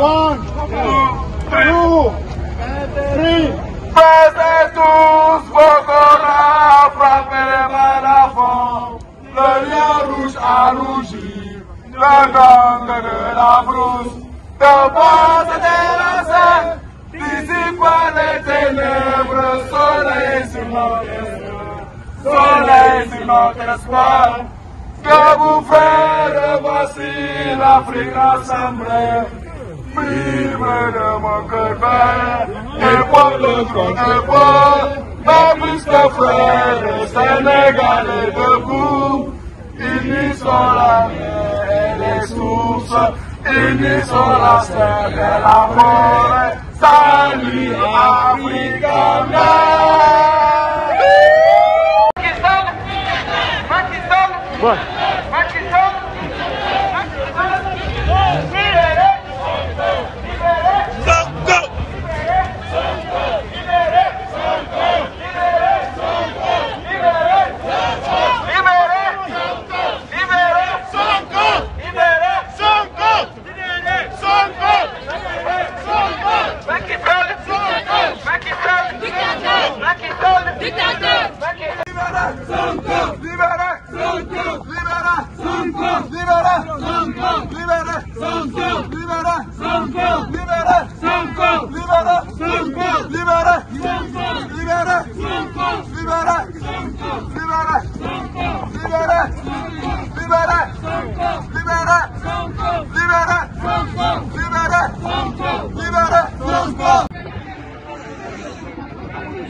One, tous vos corps, à frappez la marafons. Le lion rouge a rougi, le gang de la brousse. Le bas des la D'ici les ténèbres, soleil sur notre espoir. Soleil sur notre espoir. Que vous faites, voici l'Afrique rassemblée. Primeira mon cœur bat, et pour le contrepoint, pas plus que frères sénégalais debout. Unis sur la mer et les sources, a sur la terre et la forêt. Salut Africa! Pakistan! 那边来。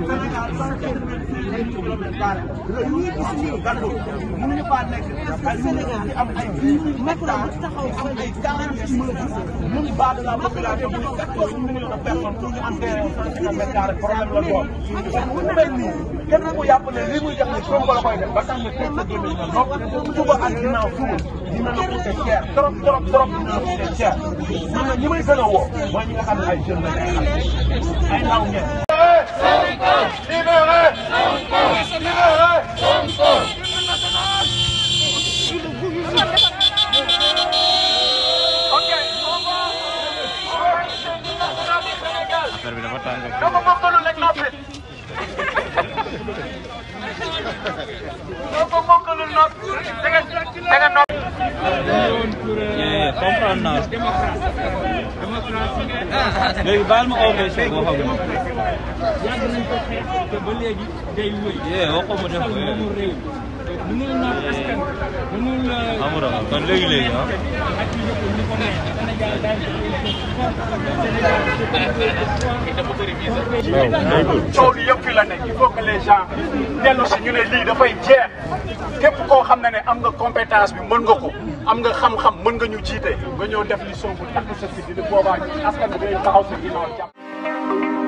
ñii gis lii mënuñu faa nekk Sénégal am ay Macron bu taxaw am ay quarante mesures mun baa de la population muy quatorze millions de personnes pour ñu am terrain mètre carré problème la doon bu mel nii kenn ku yàpp ne lii muy def ne Sonko la koy def ba tax na tëj sa gémmiñ na nopp suba ak ginnaaw suba dina la coûter cher trop trop trop dina la coûter cher man na ñi may gën a woo mooy ñi nga xam ne ay jeunes la ay ndaw ngeen Libere! Libere! Libere! No como con los nafes. No como con los nafes. Tengan, tengan nafes. Ya, ya, compran nafes. léegi baal ma oo ngay soog waxoon nga. yàgg nañ ko xeex te ba léegi day wéy. Eh, waxoon ma def ko réew mënul naan askan mënul. Euh, amul ah kon léegi léegi ah. waaw. coow li yëpp fi la nekk il faut que les gens dellu si ñu ne lii dafay jeex. képp koo xam ne ne am nga compétence bi mën nga ko am nga xam-xam mën nga ñu jiite nga ñëw def li soobu takk sa si di boobaa askan bi dañu taxaw sa ginnaaw jàpp